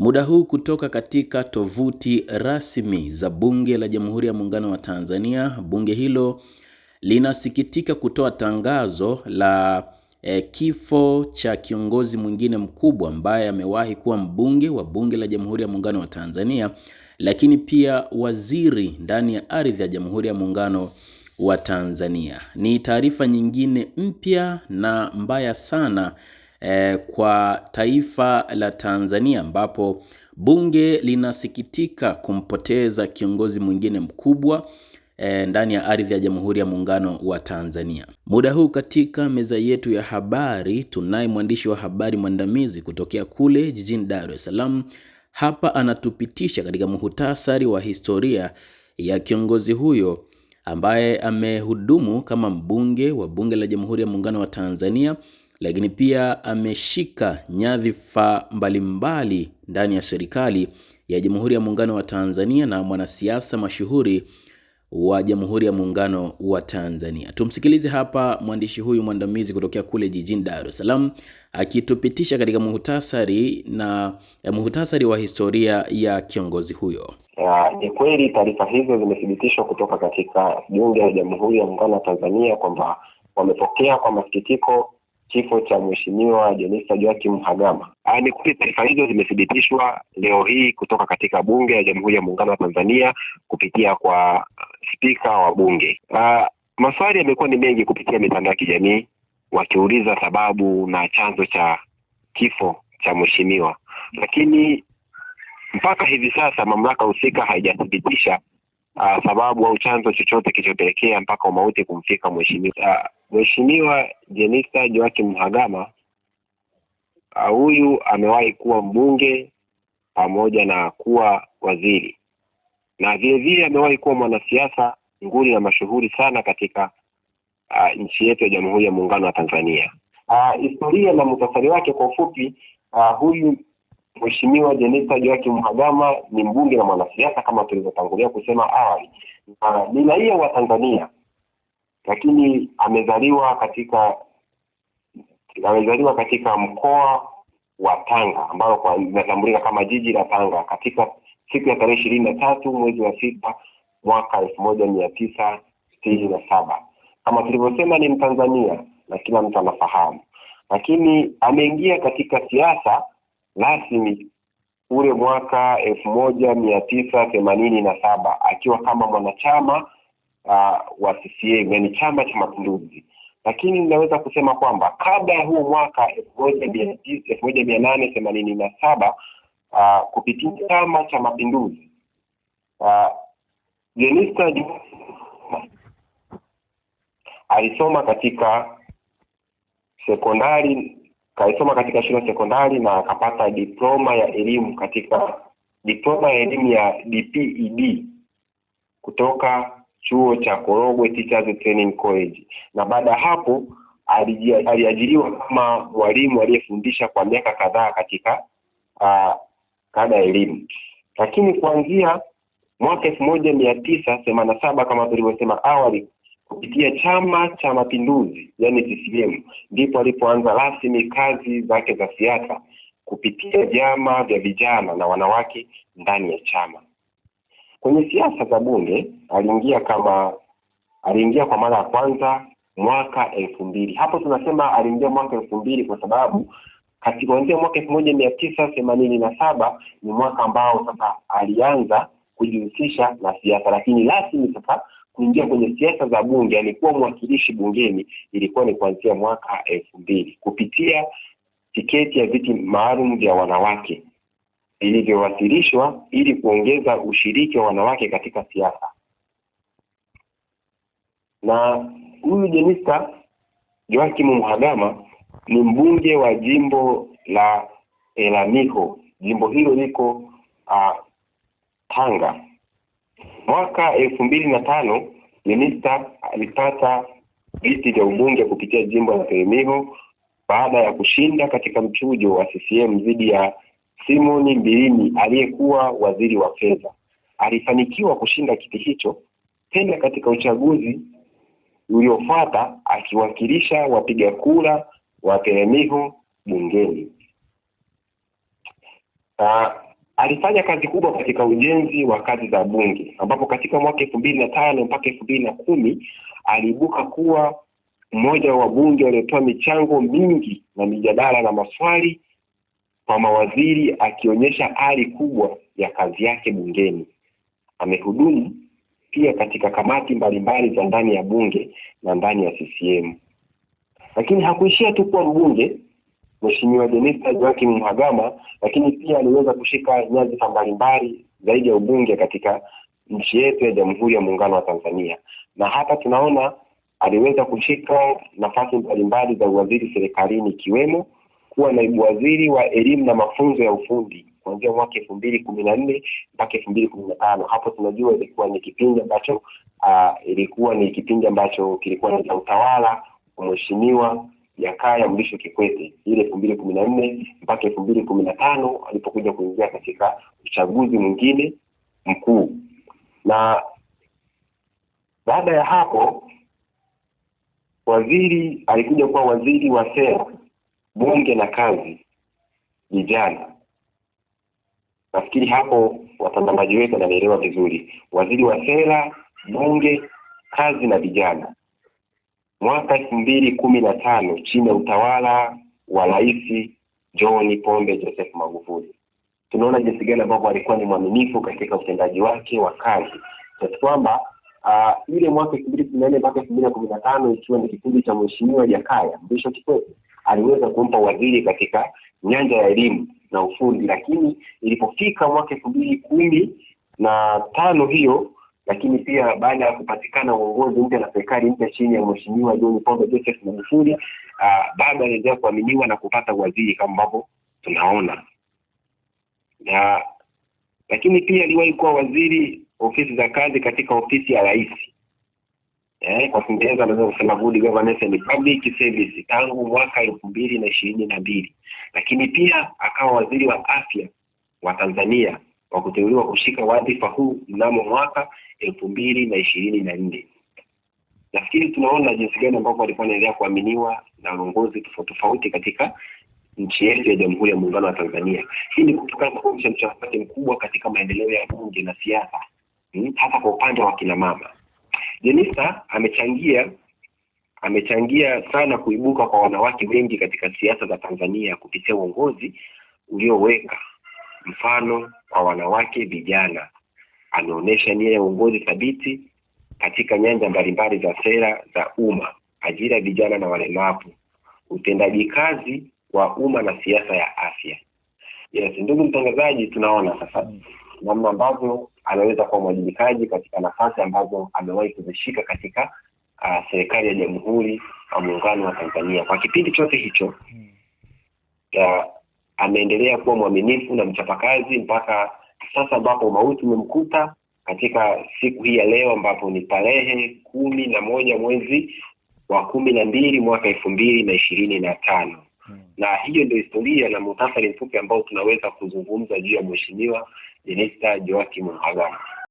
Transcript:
Muda huu kutoka katika tovuti rasmi za Bunge la Jamhuri ya Muungano wa Tanzania. Bunge hilo linasikitika kutoa tangazo la e, kifo cha kiongozi mwingine mkubwa ambaye amewahi kuwa mbunge wa Bunge la Jamhuri ya Muungano wa Tanzania, lakini pia waziri ndani ya ardhi ya Jamhuri ya Muungano wa Tanzania. Ni taarifa nyingine mpya na mbaya sana eh, kwa taifa la Tanzania ambapo bunge linasikitika kumpoteza kiongozi mwingine mkubwa eh, ndani ya ardhi ya Jamhuri ya Muungano wa Tanzania. Muda huu katika meza yetu ya habari tunaye mwandishi wa habari mwandamizi kutokea kule jijini Dar es Salaam. Hapa anatupitisha katika muhutasari wa historia ya kiongozi huyo ambaye amehudumu kama mbunge wa Bunge la Jamhuri ya Muungano wa Tanzania lakini pia ameshika nyadhifa mbalimbali ndani ya serikali ya Jamhuri ya Muungano wa Tanzania na mwanasiasa mashuhuri wa Jamhuri ya Muungano wa Tanzania. Tumsikilize hapa mwandishi huyu mwandamizi kutokea kule jijini Dar es Salaam akitupitisha katika muhtasari na eh, muhtasari wa historia ya kiongozi huyo. Ni kweli taarifa hizo zimethibitishwa kutoka katika Bunge la Jamhuri ya Muungano wa Tanzania kwamba wamepokea kwa masikitiko kifo cha Mheshimiwa Jenista Joakim Mhagama. Ah, ni kweli taarifa hizo zimethibitishwa leo hii kutoka katika Bunge la Jamhuri ya Muungano wa Tanzania kupitia kwa spika wa Bunge. Ah, maswali yamekuwa ni mengi kupitia mitandao ya kijamii wakiuliza sababu na chanzo cha kifo cha mheshimiwa, lakini mpaka hivi sasa mamlaka husika haijathibitisha uh, sababu au chanzo chochote kilichopelekea mpaka umauti kumfika mheshimiwa. Mheshimiwa Jenista Joakim Mhagama ah, huyu amewahi kuwa mbunge pamoja na kuwa waziri na vile vile amewahi kuwa mwanasiasa nguli na mashuhuri sana katika uh, nchi yetu ya Jamhuri ya Muungano wa Tanzania. Uh, historia na mutasari wake kwa ufupi, uh, huyu Mheshimiwa Jenista Joakim Mhagama ni mbunge na mwanasiasa kama tulivyotangulia kusema awali, na ni raia wa Tanzania lakini amezaliwa katika amezaliwa katika mkoa wa Tanga ambao inatambulika kama jiji la Tanga katika siku ya tarehe ishirini na tatu mwezi wa sita mwaka elfu moja mia tisa sitini na saba. Kama tulivyosema ni Mtanzania na kila mtu anafahamu, lakini ameingia katika siasa rasmi ule mwaka elfu moja mia tisa themanini na saba akiwa kama mwanachama uh, wa CCM yani Chama cha Mapinduzi, lakini ninaweza kusema kwamba kabla ya huu mwaka mhm. elfu moja mia nane themanini na saba uh, kupitia mhm. Chama cha Mapinduzi uh, alisoma katika sekondari alisoma katika shule ya sekondari na akapata diploma ya elimu katika diploma ya elimu ya DPED e kutoka chuo cha Korogwe Teachers Training College, na baada ya hapo aliajiriwa kama mwalimu aliyefundisha kwa miaka kadhaa katika uh, kada ya elimu, lakini kuanzia mwaka elfu moja mia tisa themanini na saba kama tulivyosema awali kupitia Chama cha Mapinduzi yani CCM ndipo alipoanza rasmi kazi zake za siasa kupitia vyama vya vijana na wanawake ndani ya chama. Kwenye siasa za bunge aliingia kama aliingia kwa mara ya kwanza mwaka elfu mbili. Hapo tunasema aliingia mwaka elfu mbili kwa sababu kuanzia mwaka elfu moja mia tisa themanini na saba ni mwaka ambao sasa alianza kujihusisha na siasa, lakini rasmi sasa kuingia kwenye siasa za bunge, alikuwa mwakilishi bungeni, ilikuwa ni kuanzia mwaka elfu mbili kupitia tiketi ya viti maalum vya wanawake vilivyowasilishwa ili kuongeza ushiriki wa wanawake katika siasa. Na huyu Jenista Joachim Mhagama ni mbunge wa jimbo la Elamiho. Jimbo hilo liko uh, Tanga. Mwaka elfu mbili na tano Jenista alipata viti vya ubunge kupitia jimbo la Elamiho baada ya kushinda katika mchujo wa CCM dhidi ya Simon Mbilini aliyekuwa waziri wa fedha alifanikiwa kushinda kiti hicho tena katika uchaguzi uliofuata akiwakilisha wapiga kura wa Peramiho bungeni. Uh, alifanya kazi kubwa katika ujenzi wa kazi za bunge ambapo katika mwaka elfu mbili na tano mpaka elfu mbili na kumi aliibuka kuwa mmoja wa bunge waliotoa michango mingi na mijadala na maswali Mama Waziri akionyesha ari kubwa ya kazi yake bungeni. Amehudumu pia katika kamati mbalimbali za ndani ya bunge na ndani ya CCM. Lakini hakuishia tu kuwa mbunge Mheshimiwa Jenista Joakim Mhagama, lakini pia aliweza kushika nyadhifa mbalimbali zaidi ya ubunge katika nchi yetu ya Jamhuri ya Muungano wa Tanzania, na hapa tunaona aliweza kushika nafasi mbalimbali za uwaziri serikalini ikiwemo kuwa naibu waziri wa elimu na mafunzo ya ufundi kuanzia mwaka elfu mbili kumi na nne mpaka elfu mbili kumi na tano hapo tunajua ilikuwa ni kipindi ambacho uh, ilikuwa ni kipindi ambacho kilikuwa ni cha utawala wa mheshimiwa Jakaya Mrisho Kikwete ile elfu mbili kumi na nne mpaka elfu mbili kumi na tano alipokuja kuingia katika uchaguzi mwingine mkuu. Na baada ya hapo waziri alikuja kuwa waziri wa sera bunge na kazi vijana nafikiri hapo watazamaji wetu wanaelewa vizuri waziri wa sera bunge kazi na vijana mwaka elfu mbili kumi na tano chini ya utawala wa rais john pombe joseph magufuli tunaona jinsi gani ambavyo alikuwa ni mwaminifu katika utendaji wake wa kazi kiasi kwamba uh, ile mwaka elfu mbili kumi na nne mpaka elfu mbili na kumi na tano ikiwa ni kipindi cha mweshimiwa jakaya mrisho kikwete aliweza kumpa uadhiri katika nyanja ya elimu na ufundi, lakini ilipofika mwaka elfu mbili kumi na tano hiyo lakini pia baada ya kupatikana uongozi mpya na serikali mpya chini ya Mheshimiwa John Pombe Joseph Magufuli, ah, bado aliendelea kuaminiwa na kupata uwaziri kama ambavyo tunaona na, lakini pia aliwahi kuwa waziri ofisi za kazi katika ofisi ya rais eh, kwa Kiingereza wanaweza kusema good governance and public service tangu mwaka elfu mbili na ishirini na mbili, lakini pia akawa waziri wa afya wa Tanzania wa kuteuliwa kushika wadhifa huu mnamo mwaka elfu mbili na ishirini na nne. Nafikiri tunaona jinsi gani ambavyo walikuwa wanaendelea kuaminiwa na uongozi tofauti tofauti katika nchi yetu ya Jamhuri ya Muungano wa Tanzania. Hii ni kutokana na kuonyesha mchango wake mkubwa katika maendeleo ya bunge na siasa, hmm, hata kwa upande wa kina mama. Jenista amechangia amechangia sana kuibuka kwa wanawake wengi katika siasa za Tanzania kupitia uongozi ulioweka mfano kwa wanawake vijana. Ameonyesha nia ya uongozi thabiti katika nyanja mbalimbali za sera za umma, ajira ya vijana na walemavu, utendaji kazi wa umma na siasa ya afya. Yes, ndugu mtangazaji, tunaona sasa namna ambavyo anaweza kuwa mwajibikaji katika nafasi ambazo amewahi kuzishika katika uh, serikali ya Jamhuri wa Muungano wa Tanzania. Kwa kipindi chote hicho uh, ameendelea kuwa mwaminifu na mchapakazi mpaka sasa ambapo mauti umemkuta katika siku hii ya leo ambapo ni tarehe kumi na moja mwezi wa kumi na mbili mwaka elfu mbili na ishirini na tano hmm. na hiyo ndio historia na muhtasari mfupi ambao tunaweza kuzungumza juu ya mheshimiwa esta Joaquim Agama.